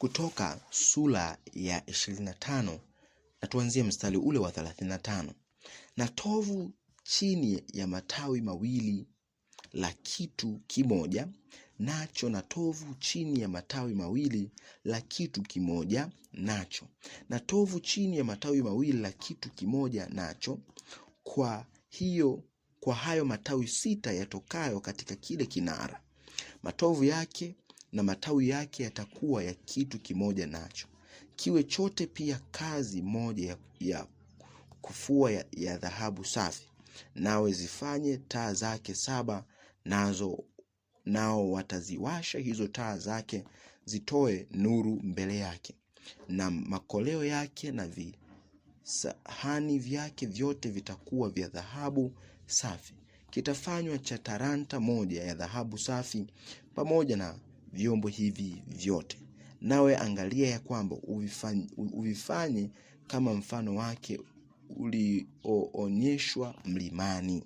kutoka sura ya 25 na tuanzie mstari ule wa 35. Na tovu chini ya matawi mawili la kitu kimoja, nacho na tovu chini ya matawi mawili la kitu kimoja nacho, na tovu chini ya matawi mawili la kitu kimoja nacho. Kwa hiyo kwa hayo matawi sita yatokayo katika kile kinara, matovu yake na matawi yake yatakuwa ya kitu kimoja nacho. Kiwe chote pia kazi moja ya kufua ya, ya dhahabu safi, nawe zifanye taa zake saba, nazo nao wataziwasha hizo taa zake, zitoe nuru mbele yake, na makoleo yake na visahani vyake vyote vitakuwa vya dhahabu safi. Kitafanywa cha taranta moja ya dhahabu safi pamoja na vyombo hivi vyote, nawe angalia ya kwamba uvifanye, uvifanye kama mfano wake ulioonyeshwa mlimani.